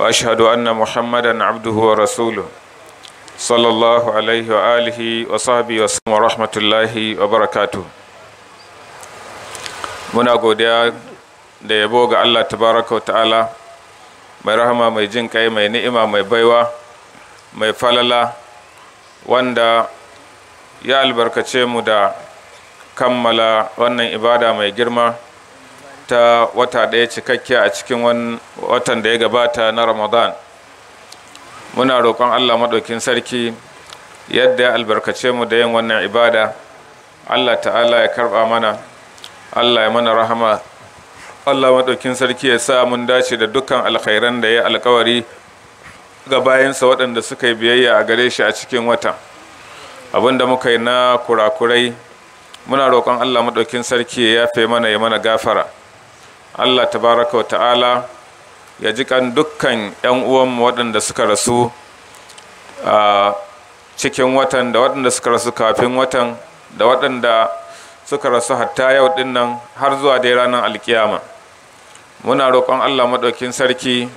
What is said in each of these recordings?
واشهد ان محمدا عبده ورسوله صلى الله عليه واله وصحبه وسلم ورحمه الله وبركاته muna godiya da yabo ga Allah tabaraka ta'ala mai rahama mai jin kai mai ni'ima mai baiwa mai falala wanda ya albarkace mu da kammala wannan ibada mai girma ta wata ɗaya cikakkiya a cikin watan da ya gabata na ramadan muna roƙon allah maɗaukin sarki yadda ya albarkace mu da yin wannan ibada allah ta'ala ya karɓa mana allah ya mana rahama allah maɗaukin sarki ya sa mun dace da dukkan alkhairan da ya alkawari ga bayansa waɗanda suka yi biyayya a gare shi a cikin watan abin da muka yi na kurakurai muna roƙon allah maɗaukin sarki ya yafe mana ya mana gafara allah tabaraka wa ta'ala ya ji kan dukkan 'yan uwanmu waɗanda suka rasu a cikin watan da waɗanda suka rasu kafin watan da waɗanda suka rasu hatta yau ɗin nan har zuwa dai ranar alkiyama muna roƙon allah maɗaukin sarki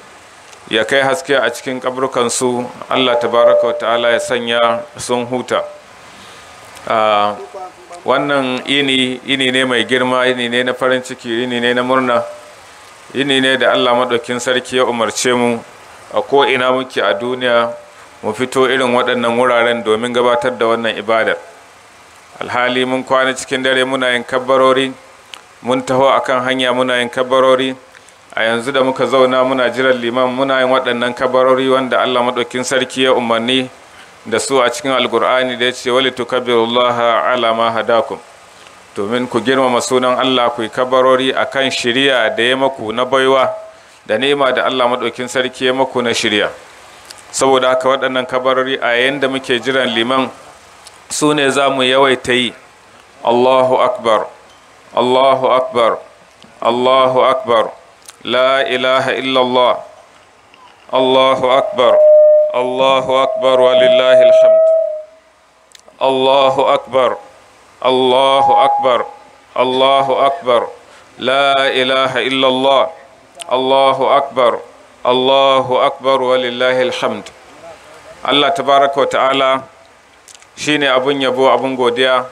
ya kai haske a cikin ƙabrukansu allah tabaraka wa ta'ala ya sanya sun huta wannan ini ini ne mai girma ini ne na farin ciki ini ne na murna ini ne da allah maɗaukin sarki ya umarce mu a ko'ina muke a duniya mu fito irin waɗannan wuraren domin gabatar da wannan ibadar alhali mun kwana cikin dare muna yin kabbarori mun taho akan hanya muna yin kabbarori a yanzu da muka zauna muna jiran liman muna yin waɗannan kabarori wanda allah maɗaukin sarki ya umarni da su a cikin alkur'ani da ya ce wali tukabbirullaha ala ma hadakum domin ku girmama sunan Allah ku yi kabarori akan shiriya da ya maku na baiwa da nema da Allah madaukin sarki ya maku na shirya saboda haka waɗannan kabarori a yayin da muke jiran liman su ne za mu yawaita yi Allahu akbar Allahu akbar Allahu akbar la ilaha illallah Allahu akbar Allahu akbar أكبر ولله الحمد الله أكبر الله أكبر الله أكبر لا إله إلا الله الله أكبر الله أكبر ولله الحمد Allah tabaraka وتعالى ta'ala shine abun yabo abun godiya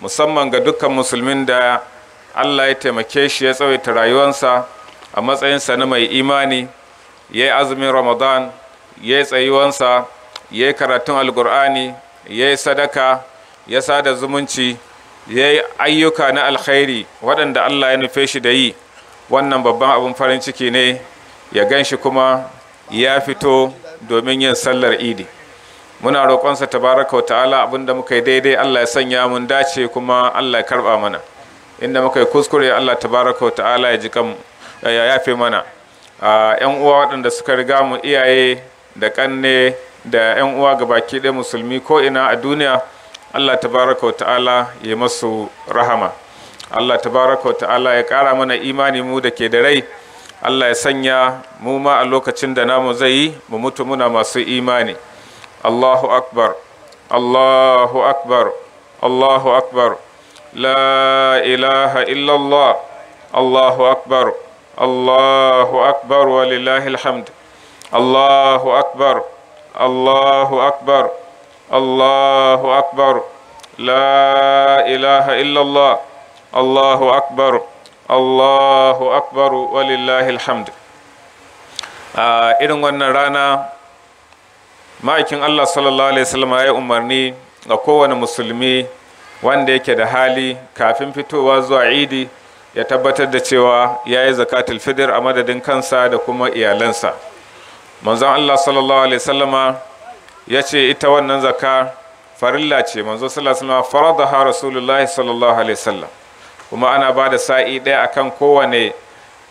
musamman ga dukkan musulmin da Allah ya taimake shi ya tsawaita rayuwarsa a matsayinsa na mai imani ya yi azumin Ramadan ya yi tsayuwansa ya yi karatun alkur'ani ya yi sadaka ya sada zumunci ya yi ayyuka na alkhairi waɗanda allah ya nufe shi da yi wannan babban abin farin ciki ne ya gan shi kuma ya fito domin yin sallar idi muna roƙonsa tabaraka ta'ala abinda muka yi daidai allah ya sanya mun dace kuma allah ya karɓa mana inda muka yi kuskure allah tabaraka ta'ala ya ji kan ya yafe mana yan ah, uwa waɗanda suka riga mu iyaye da ƙanne da 'yan uwa gabaki ɗaya musulmi ko ina a duniya allah tabaraka wa ta'ala ya masu rahama allah tabaraka ta'ala ya ƙara mana imani mu da ke da rai allah ya sanya mu ma a lokacin da namu zai yi mu mutu muna masu imani allahu akbar allahu akbar allahu akbar la ilaha illallah allahu akbar allahu akbar lillahi alhamd allahu akbar الله أكبر الله أكبر لا إله إلا الله الله أكبر الله أكبر ولله irin wannan rana ma'aikin Allah sallallahu alaihi wasallam ya umarni ga kowane musulmi wanda yake da hali kafin fitowa zuwa idi ya tabbatar da cewa ya yi zakatul fidir a madadin kansa da kuma iyalansa manzon Allah sallallahu alaihi wasallama ya ce ita wannan zakka farilla ce manzon sallallahu alaihi wasallama faradaha rasulullahi sallallahu alaihi wasallam kuma ana ba da sa'i ɗaya akan kowane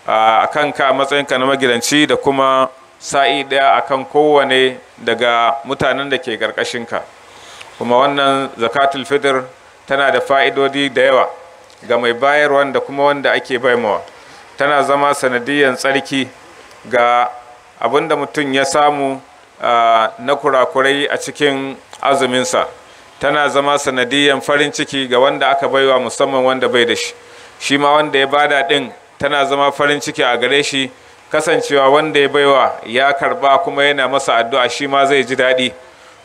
akan ka matsayinka na magidanci da kuma sa'i ɗaya akan kowane daga mutanen da ke karkashin ka kuma wannan zakatul fitr tana da fa'idodi da yawa ga mai bayarwa da kuma wanda ake baimawa tana zama sanadiyyar tsarki ga abinda mutum ya samu na kurakurai a cikin azuminsa tana zama sanadiyan farin ciki ga wanda aka baiwa musamman wanda bai da shi shi ma wanda ya bada din tana zama farin ciki a gare shi kasancewa wanda ya baiwa ya karba kuma yana masa addu'a shi ma zai ji daɗi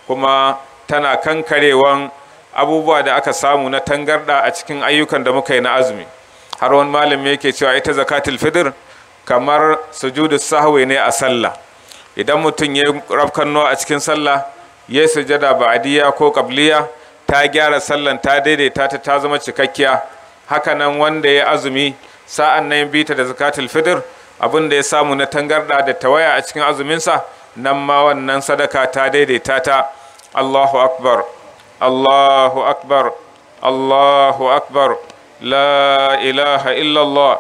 kuma tana kankarewan abubuwa da aka samu na tangarɗa a cikin ayyukan da muka yi na azumi har wani malami yake cewa ita zakatul fidir. kamar sujudu sahwi ne a sallah idan mutum ya rafkanno a cikin sallah ya yi sujada ba'adiyya ko qabliya ta gyara sallan ta daidaita ta ta zama cikakkiya hakanan wanda ya azumi sa'an nan ta da zakatul fitr abin da ya samu na tangarda da tawaya a cikin azuminsa nan ma wannan sadaka ta daidaita ta Allahu akbar Allahu akbar Allahu akbar la ilaha illallah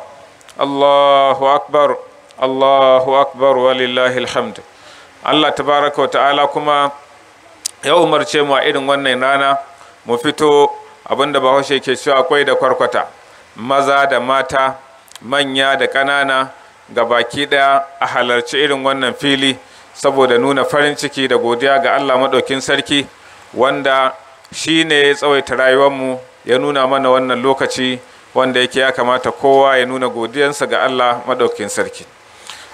Allahu akbar Allahu akbar walillahi alhamdu Allah tabaraka wa ta'ala kuma ya umarce mu a irin wannan rana mu fito abinda bahaushe ke cewa akwai da kwarkwata maza da mata manya da ƙanana ga baki ɗaya a halarci irin wannan fili saboda nuna farin ciki da godiya ga Allah maɗaukin sarki wanda shi ne ya tsawaita mu ya nuna mana wannan lokaci wanda yake ya kamata kowa ya nuna godiyansa ga Allah madaukin sarki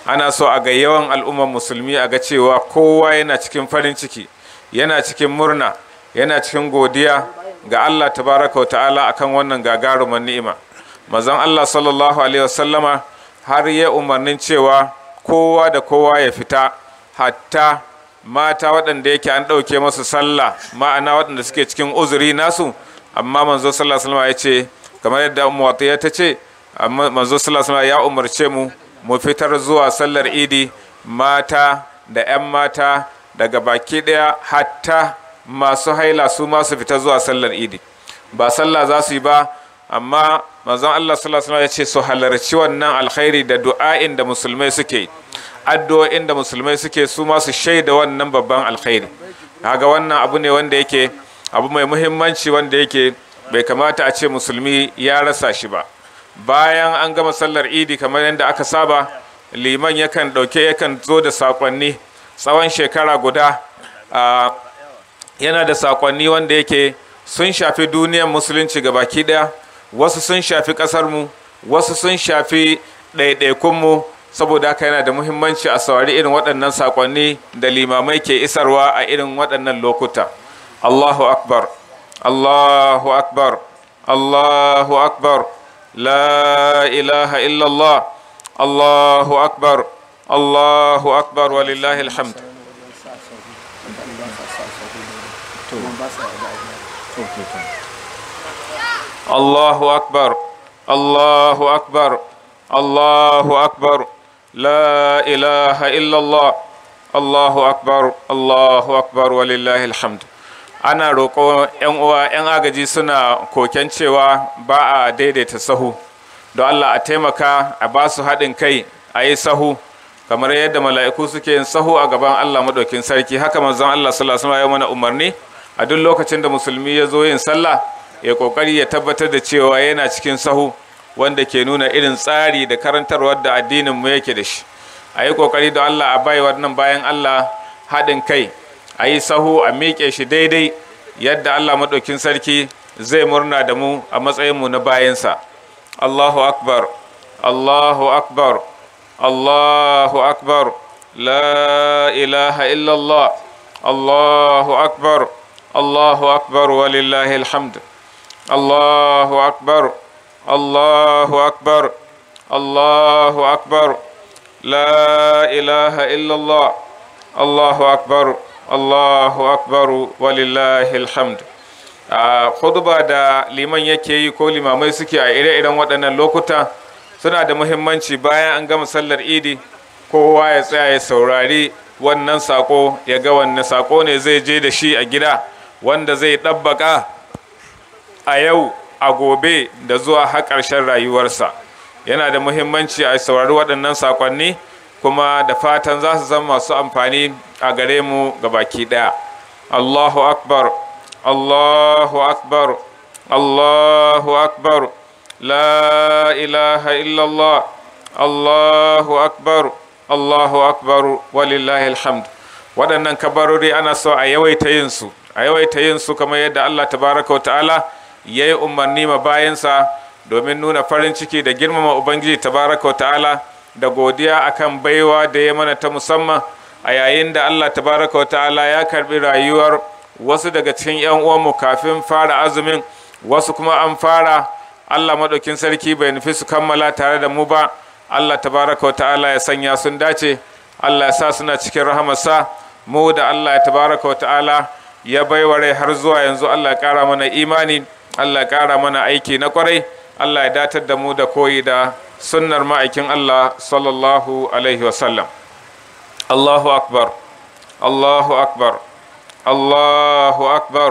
ana so a ga yawan al'ummar musulmi a ga cewa kowa yana cikin farin ciki yana cikin murna yana cikin godiya ga Allah tabaraka wa ta'ala akan wannan gagarumar ni'ima mazan Allah sallallahu alaihi wasallama har ya umarnin cewa kowa da kowa ya fita hatta mata waɗanda yake an ɗauke masu sallah ma'ana waɗanda suke cikin uzuri nasu amma manzo sallallahu alaihi wasallama ya ce kamar yadda muwatiya ta ce manzo sallallahu ya umarce mu mu fitar zuwa sallar idi mata da 'yan mata daga baki daya hatta masu haila su ma fita zuwa sallar idi ba sallah za su yi ba amma manzon Allah sallallahu ya ce su halarci wannan alkhairi da du'a'in da musulmai suke addu'o'in da musulmai suke su ma su shaida wannan babban alkhairi kaga wannan abu ne wanda yake abu mai muhimmanci wanda yake bai kamata a ce musulmi ya rasa shi ba bayan an gama sallar idi kamar yadda aka saba liman yakan ɗauke yakan zo da sakonni tsawon shekara guda yana da sakonni wanda yake sun shafi duniyar musulunci ga baki daya wasu sun shafi mu wasu sun shafi mu saboda haka yana da muhimmanci a saurari irin waɗannan sakonni da limamai ke isarwa a irin waɗannan lokuta allahu akbar الله أكبر الله أكبر لا إله إلا الله الله أكبر الله أكبر ولله الحمد الله أكبر الله أكبر الله أكبر لا إله إلا الله الله أكبر الله أكبر ولله الحمد ana roƙo 'yan uwa 'yan agaji suna koken cewa ba a daidaita sahu don allah a taimaka a ba su haɗin kai a yi sahu kamar yadda mala'iku suke yin sahu a gaban allah maɗaukin sarki haka manzon allah sallallahu alaihi mana umarni a duk lokacin da musulmi ya zo yin sallah ya kokari ya tabbatar da cewa yana cikin sahu wanda ke nuna irin tsari da karantarwar da addinin mu yake da shi a yi kokari da allah a bai wannan bayan allah haɗin kai a yi sahu a miƙe shi daidai yadda allah maɗaukin sarki zai murna da mu a matsayinmu na bayansa allahu akbar allahu akbar allahu akbar la ilaha illallah allahu akbar allahu akbar walillahi alhamd allahu akbar allahu akbar allahu akbar la ilaha illallah allahu akbar Allahu akbaru walillahi alhamd a huduba da liman yake yi ko limamai suke a ire-iren waɗannan lokuta suna da muhimmanci bayan an gama sallar idi kowa ya tsaya ya saurari wannan sako ya ga wanne sako ne zai je da shi a gida wanda zai ɗabbaƙa a yau a gobe da zuwa har rayuwarsa yana da muhimmanci a saurari waɗannan sakonni kuma da fatan za su zama masu amfani a gare mu ga baki ɗaya allahu akbar allahu akbar allahu akbar la ilaha illallah allahu akbar allahu akbar walillahi alhamd waɗannan kabarori ana so a yawaita yin su a yawaita yin su kamar yadda allah tabaraka wa ta'ala ya yi umarni ma bayansa domin nuna farin ciki da girmama ubangiji tabaraka ta'ala da godiya akan baiwa da ya mana ta musamman a yayin da Allah tabaraka wa ta'ala ya karbi rayuwar wasu daga cikin yan uwanmu kafin fara azumin wasu kuma an fara Allah madaukin sarki bai nufi su kammala tare da mu ba Allah tabaraka wa ta'ala ya sanya sun dace Allah ya sa suna cikin rahamarsa mu da Allah ya tabaraka wa ta'ala ya baiwa rai har zuwa yanzu Allah ya kara mana imani Allah ya kara mana aiki na kwarai Allah ya datar da mu da koyi da sunnar ma'aikin Allah sallallahu alaihi wasallam Allahu akbar Allahu akbar Allahu akbar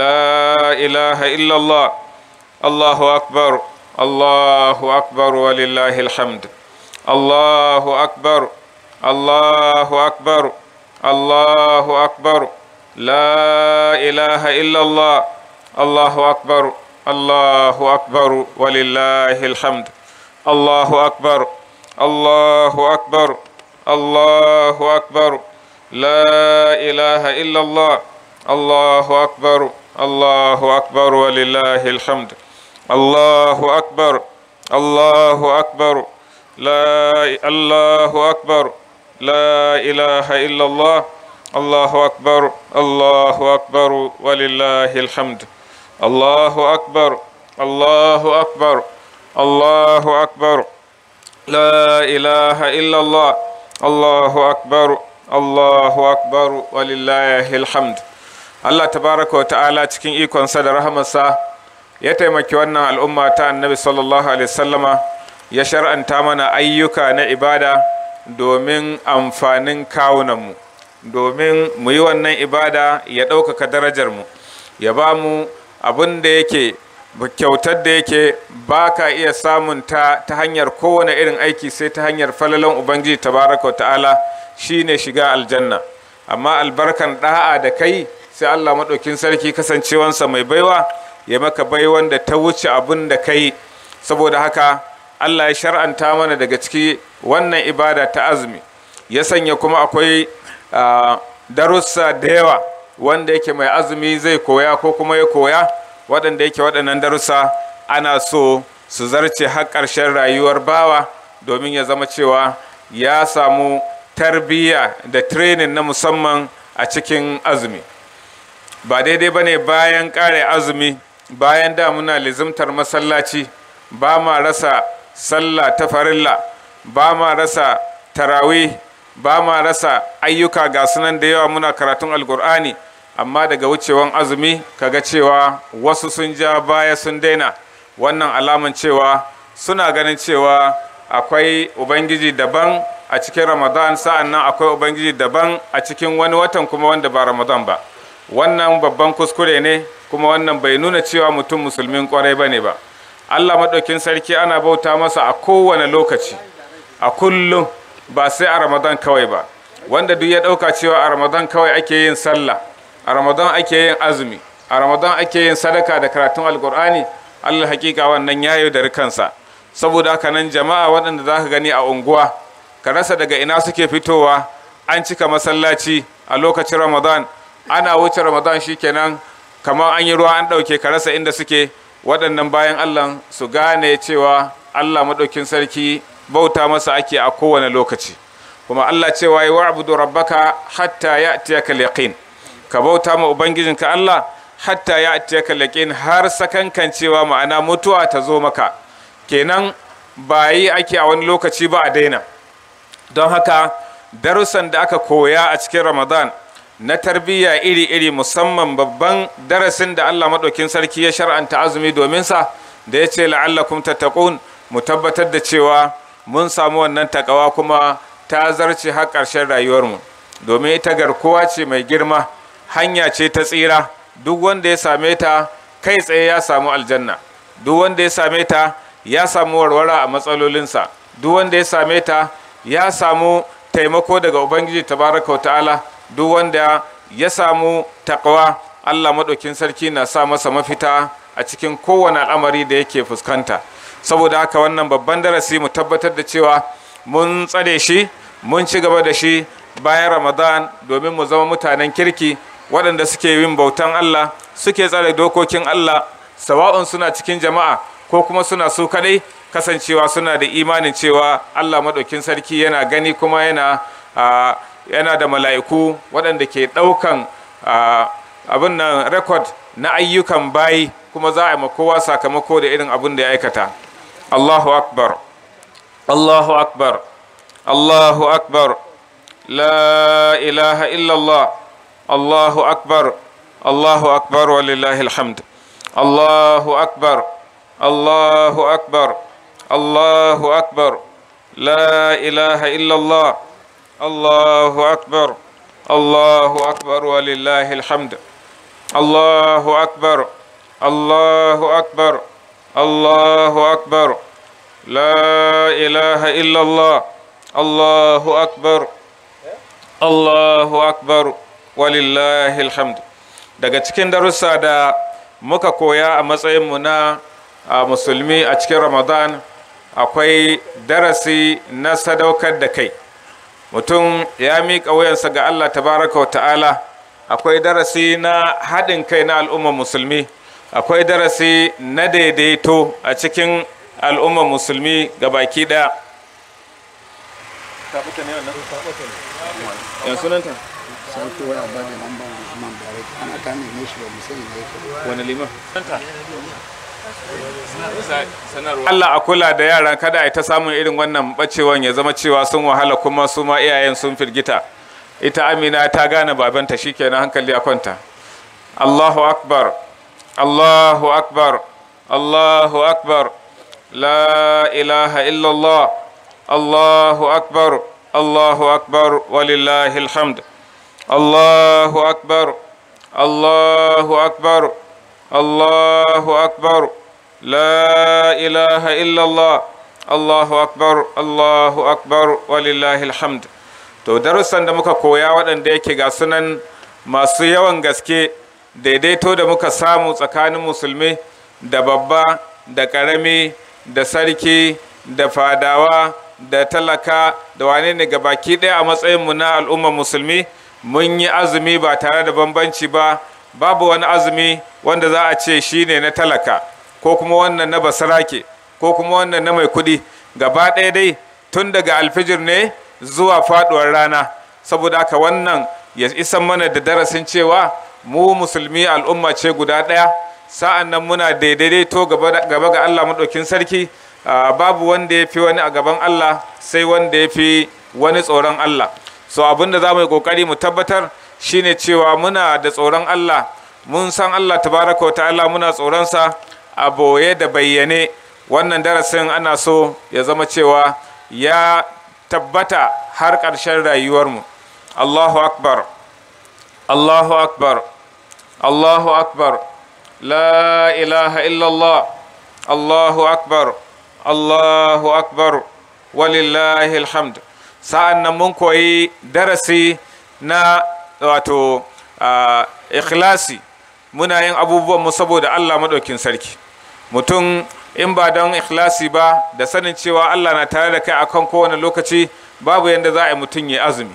la ilaha illallah Allahu akbar Allahu akbar walillahi alhamd Allahu akbar Allahu akbar Allahu akbar la ilaha illallah Allahu akbar Allahu akbar walillahi alhamd الله أكبر الله أكبر الله أكبر لا إله إلا الله الله أكبر الله أكبر ولله الحمد الله أكبر الله أكبر لا الله أكبر لا إله إلا الله الله أكبر الله أكبر ولله الحمد الله أكبر الله أكبر الله أكبر لا إله إلا الله الله أكبر الله أكبر ولله الحمد الله تبارك ta'ala cikin ikon sa da rahamarsa ya taimaki wannan al'umma ta annabi sallallahu alaihi sallama, ya shar'anta mana ayyuka na ibada domin amfanin kawunanmu domin mu yi wannan ibada ya ɗaukaka darajarmu ya ba mu abin da yake kyautar da yake ba ka iya samun ta ta hanyar kowane irin aiki sai ta hanyar falalan ubangiji tabaraka ta'ala shine shiga aljanna amma albarkan ɗa'a da kai sai Allah maɗaukin sarki kasancewansa mai baiwa ya maka baiwan da ta wuce abin da kai saboda haka Allah ya shar'anta mana daga ciki wannan ibada ta azumi ya sanya kuma akwai ah, darussa da yawa wanda yake mai azumi zai koya ko kuma ya koya waɗanda yake waɗannan darussa ana so su zarce har ƙarshen rayuwar bawa domin ya zama cewa ya samu tarbiyya da training na musamman a cikin azumi ba daidai ba ne bayan ƙare azumi bayan da muna lizimtar masallaci ba ma rasa sallah ta farilla ba ma rasa tarawih ba ma rasa ayyuka ga sunan da yawa muna karatun alkur'ani amma daga wucewan azumi kaga cewa wasu sun ja baya sun daina wannan alaman cewa suna ganin cewa akwai ubangiji daban a cikin ramadan sa'an nan akwai ubangiji daban a cikin wani watan kuma wanda ba ramadan ba wannan babban kuskure ne kuma wannan bai nuna cewa mutum musulmin kwarai ba ne ba allah maɗaukin sarki ana bauta masa a kowane lokaci a kullum ba sai a ramadan kawai ba wanda duk ya ɗauka cewa a ramadan kawai ake yin sallah a ramadan ake yin azumi a ramadan ake yin sadaka da karatun alkur'ani allah hakika wannan ya yaudari kansa saboda haka nan jama'a waɗanda za ka gani a unguwa ka rasa daga ina suke fitowa an cika masallaci a lokacin ramadan ana wuce ramadan shi shikenan kamar an yi ruwa an ɗauke ka rasa inda suke waɗannan bayan allah su gane cewa allah maɗaukin sarki bauta masa ake a kowane lokaci kuma allah cewa yi wa wa'budu rabbaka hatta ya tiyaka yaqin ka bauta ma ka Allah hatta ya ka laƙin har sakankan cewa ma'ana mutuwa ta zo maka kenan ba yi ake a wani lokaci ba a daina don haka darussan da aka koya a cikin Ramadan na tarbiyya iri-iri musamman babban darasin da Allah maɗaukin sarki ya shar'anta azumi domin sa da ya ce la'allakum tattaqun mu tabbatar da cewa mun samu wannan takawa kuma ta zarce har ƙarshen rayuwarmu domin ita garkuwa ce mai girma hanya ce ta tsira duk wanda ya same ta kai tsaye ya samu aljanna duk wanda ya same ta ya samu warwara a matsalolinsa duk wanda ya same ta ya samu taimako daga ubangiji tabaraka wa ta'ala duk wanda ya samu taqwa Allah maɗaukin sarki na sa masa mafita a cikin kowane al'amari da yake fuskanta saboda haka wannan babban darasi mu tabbatar da cewa mun tsare shi mun ci gaba da shi bayan ramadan domin mu zama mutanen kirki waɗanda suke yin bautan Allah suke tsare dokokin Allah sawa'un suna cikin jama'a ko kuma suna su kaɗai kasancewa suna da imanin cewa Allah maɗaukin sarki yana gani kuma yana yana da mala'iku waɗanda ke ɗaukan abin nan rekod na ayyukan bayi kuma za a yi kowa sakamako da irin abin da ya aikata Allahu akbar Allahu akbar Allahu akbar la ilaha illallah الله akbar الله akbar ولله الحمد الله akbar الله akbar الله akbar لا إله إلا الله الله أكبر الله أكبر ولله الحمد الله أكبر الله أكبر الله أكبر لا إله إلا الله الله أكبر الله أكبر walillahi alhamdu daga cikin darussa da muka koya a matsayinmu na musulmi a cikin ramadan akwai darasi na sadaukar da kai mutum ya miƙa wuyansa ga allah tabaraka wa ta'ala akwai darasi na haɗin kai na al'ummar musulmi akwai darasi na daidaito a cikin al'ummar musulmi ga baki ɗaya ana Allah a kula da yaran kada a yi ta samun irin wannan bacewan ya zama cewa sun wahala kuma su ma iyayen sun firgita ita Amina ta gane babanta shikenan hankali a kwanta Allahu akbar Allahu akbar Allahu akbar la ilaha illallah Allahu akbar Allahu akbar walillahi alhamd الله أكبر الله أكبر الله أكبر لا إله إلا الله الله أكبر الله أكبر ولله الحمد to darussan da muka koya waɗanda yake ga sunan masu yawan gaske daidaito da muka samu tsakanin musulmi da babba da ƙarami da sarki da fadawa da talaka da wane ne ga baki ɗaya a matsayinmu na al'ummar musulmi mun yi azumi ba tare da bambanci ba babu wani azumi wanda za a ce shine na talaka ko kuma wannan na basarake ko kuma wannan na mai kuɗi gaba ɗaya dai tun daga alfijir ne zuwa faɗuwar rana saboda haka wannan ya isan mana da darasin cewa mu musulmi al'umma ce guda ɗaya sa'an nan muna daidaito gaba ga Allah maɗaukin sarki ah, babu wanda ya fi wani a gaban Allah sai wanda ya fi wani tsoron Allah so abin da za mu yi ƙoƙari mu tabbatar shine cewa muna da tsoron Allah mun san Allah tabaraka wa ta'ala muna tsoronsa a boye da bayyane wannan darasin ana so ya zama cewa ya tabbata har ƙarshen rayuwarmu Allahu akbar Allahu akbar Allahu akbar la ilaha illallah Allahu akbar Allahu akbar walillahi alhamd sa'an nan mun koyi darasi na wato ikhlasi muna yin abubuwan mu saboda Allah maɗaukin sarki mutum in ba don ikhlasi ba da sanin cewa Allah na tare da kai a kan kowane lokaci babu yadda za a yi mutum ya azumi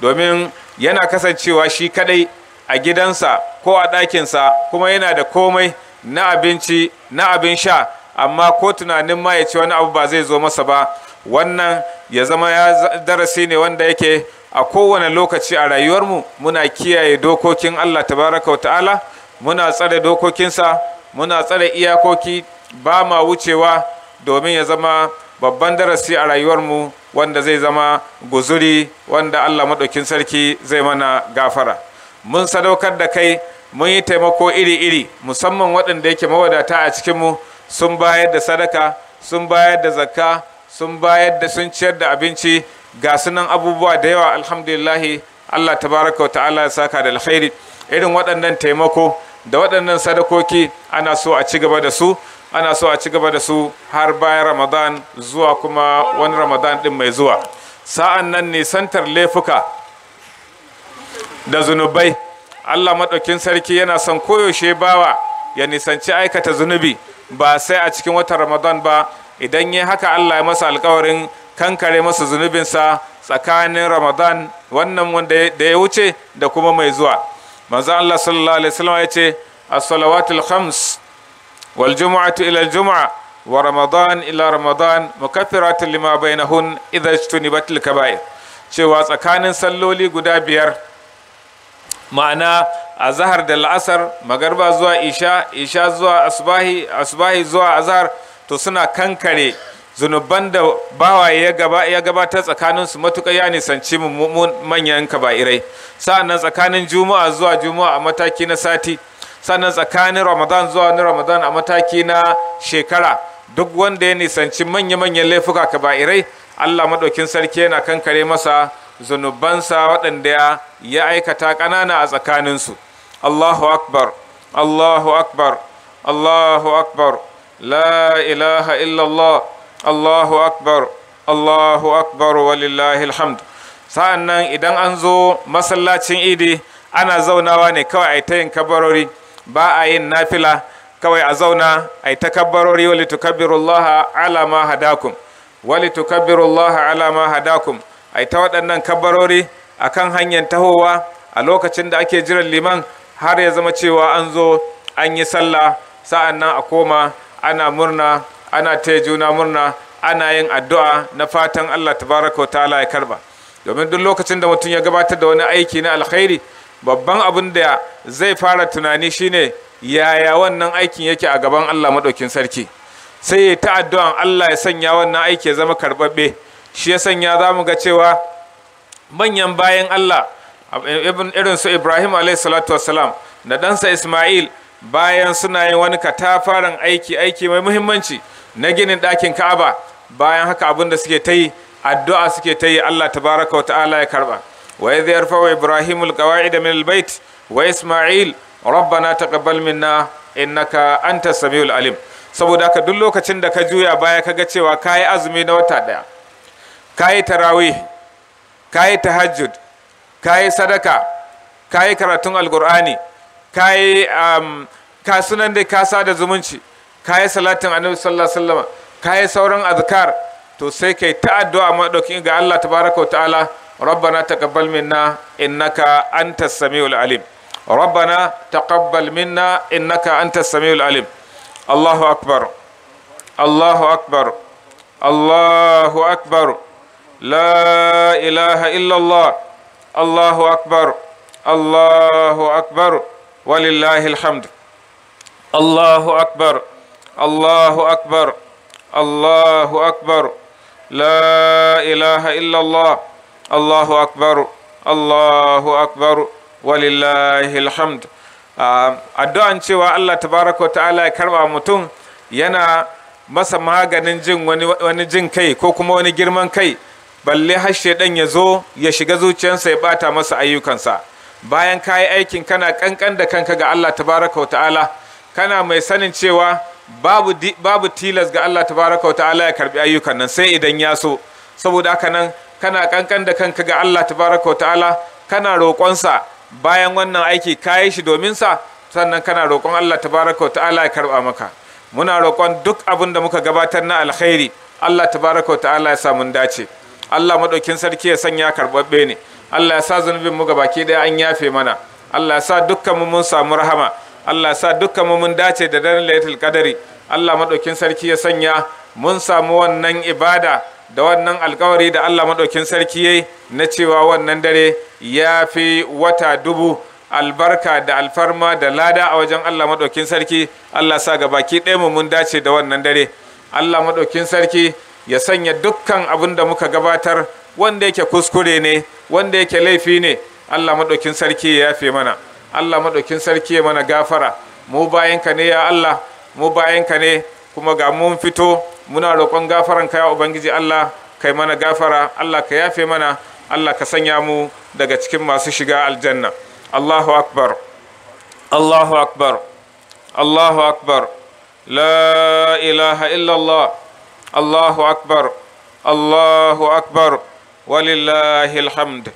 domin yana kasancewa shi kadai a gidansa ko a ɗakinsa kuma yana da komai na abinci na abin sha amma ko tunanin ma ya ce wani abu ba zai zo masa ba wannan ya zama ya darasi ne wanda yake a kowane lokaci a rayuwarmu muna kiyaye dokokin Allah tabaraka wa ta'ala muna tsare dokokinsa muna tsare iyakoki ba ma wucewa domin ya zama babban darasi a rayuwarmu wanda zai zama guzuri wanda Allah maɗaukin sarki zai mana gafara mun sadaukar da kai mun yi taimako iri-iri musamman waɗanda yake mawadata a cikinmu sun bayar da sadaka sun bayar da zakka sun bayar da sun ciyar da abinci ga sunan abubuwa da yawa alhamdulillahi Allah tabaraka wa ta'ala ya saka da alkhairi irin waɗannan taimako da waɗannan sadakoki ana so a ci gaba da su ana so a ci gaba da su har bayan ramadan zuwa kuma wani ramadan ɗin mai zuwa sa'an nan nisantar laifuka da zunubai allah maɗaukin sarki yana son koyaushe bawa ya nisanci aikata zunubi ba sai a cikin watan ramadan ba idan ya haka Allah ya masa alkawarin kankare masa zunubinsa tsakanin ramadan wannan wanda da ya wuce da kuma mai zuwa manzo Allah sallallahu alaihi wasallam ya ce as-salawatul khams wal jumu'atu ila al wa ramadan ila ramadan mukaffiratun lima bainahun idza ijtunibatil kaba'ir cewa tsakanin salloli guda biyar ma'ana azhar da la'asar magarba zuwa isha isha zuwa asbahi asbahi zuwa azhar to suna kankare zunuban da bawaye ya gabatar tsakanin su matuƙa ya nisanci manyan kaba'irai sa'annan tsakanin juma'a zuwa juma'a a mataki na sati nan tsakanin ramadan zuwa na ramadan a mataki na shekara duk wanda ya nisanci manya-manyan laifuka kaba'irai allah maɗaukin sarki yana kankare masa zunubansa waɗanda ya aikata ƙanana a tsakaninsu allahu akbar allahu akbar allahu akbar لا إله إلا الله الله أكبر الله أكبر ولله الحمد sa'annan idan an zo masallacin idi ana zaunawa ne kawai a yi ta yin kabarori ba a yin nafila kawai a zauna a yi ta kabarori wali tukabbirullaha ala ma hadakum wali tukabbirullaha ala ma hadakum a yi ta waɗannan kabarori akan hanyar tahowa a lokacin da ake jiran liman har ya zama cewa an zo an yi sallah sa'annan a koma ana murna ana taya juna murna ana yin addu'a na fatan Allah tabaraka ta'ala ya karba domin duk lokacin da mutum ya gabatar da wani aiki na alkhairi babban abin da zai fara tunani shine yaya wannan aikin yake a gaban Allah maɗaukin sarki sai ya ta addu'an Allah ya sanya wannan aiki ya zama karɓaɓɓe shi ya sanya za mu ga cewa manyan bayan Allah irin su Ibrahim alaihi salatu da ɗansa Ismail bayan suna yin wani katafaren aiki aiki mai muhimmanci na ginin ɗakin ka'aba bayan haka abin da suke ta yi addu'a suke ta yi allah tabaraka wa ta'ala ya karba wa idh wa ibrahimu alqawa'ida min albayt wa isma'il rabbana taqabbal minna innaka antas samiul alim saboda haka duk lokacin da ka juya baya ka ga cewa ka yi azumi na wata ɗaya ka yi tarawih ka yi tahajjud ka yi sadaka ka yi karatun alkur'ani ka yi um, ka sunan dai ka sada zumunci ka yi salatin annabi sallallahu alaihi wasallam ka yi sauran azkar to sai kai ta addu'a madaukin ga Allah tabaraka wa ta'ala ربنا تقبل منا إنك أنت السميع العليم ربنا تقبل منا إنك أنت السميع العليم الله أكبر الله أكبر الله أكبر لا إله إلا الله الله أكبر الله أكبر walillahi alhamd allahu akbar allahu akbar allahu akbar la ilaha illallah allahu akbar allahu akbar walillahi alhamd addu'an cewa Allah tabaraka ta'ala ya karba mutum yana masa maganin jin wani jin kai ko kuma wani girman kai balle har shedan ya zo ya shiga zuciyarsa ya bata masa ayyukansa bayan ka yi aikin kana kankan da kanka ga Allah tabaraka wa ta'ala kana mai sanin cewa babu tilas ga Allah tabaraka wa ta'ala ya karbi ayyukan nan sai idan ya so saboda haka nan kana kankan da kanka ga Allah tabaraka wa ta'ala kana roƙonsa bayan wannan aiki kayi shi domin sa sannan kana roƙon Allah tabaraka wa ta'ala ya karba maka muna roƙon duk abin da muka gabatar na alkhairi Allah tabaraka wa ta'ala ya sa dace Allah madaukin sarki ya sanya karbabbe ne Allah ya sa zunubin mu gabaki ɗaya an yafe mana Allah ya sa dukkan mu mun samu rahama Allah ya sa dukkan mu mun dace da daren Lailatul Qadari Allah madaukin sarki ya sanya mun samu wannan ibada da wannan alkawari da Allah madaukin sarki yayi na cewa wannan dare ya fi wata dubu albarka da alfarma da lada a wajen Allah maɗaukin sarki Allah sa ga baki ɗaya mu mun dace da wannan dare Allah maɗaukin sarki ya sanya dukkan abin da muka gabatar wanda yake kuskure ne wanda yake laifi ne Allah maɗaukin sarki ya yafe mana Allah maɗaukin sarki ya mana gafara mu bayanka ne ya Allah mu bayanka ne kuma ga mun fito muna roƙon gafaran ka ya ubangiji Allah kai mana gafara Allah ka yafe mana Allah ka sanya mu daga cikin masu shiga aljanna Allahu akbar Allahu akbar Allahu akbar la ilaha illallah Allahu akbar Allahu akbar ولله الحمد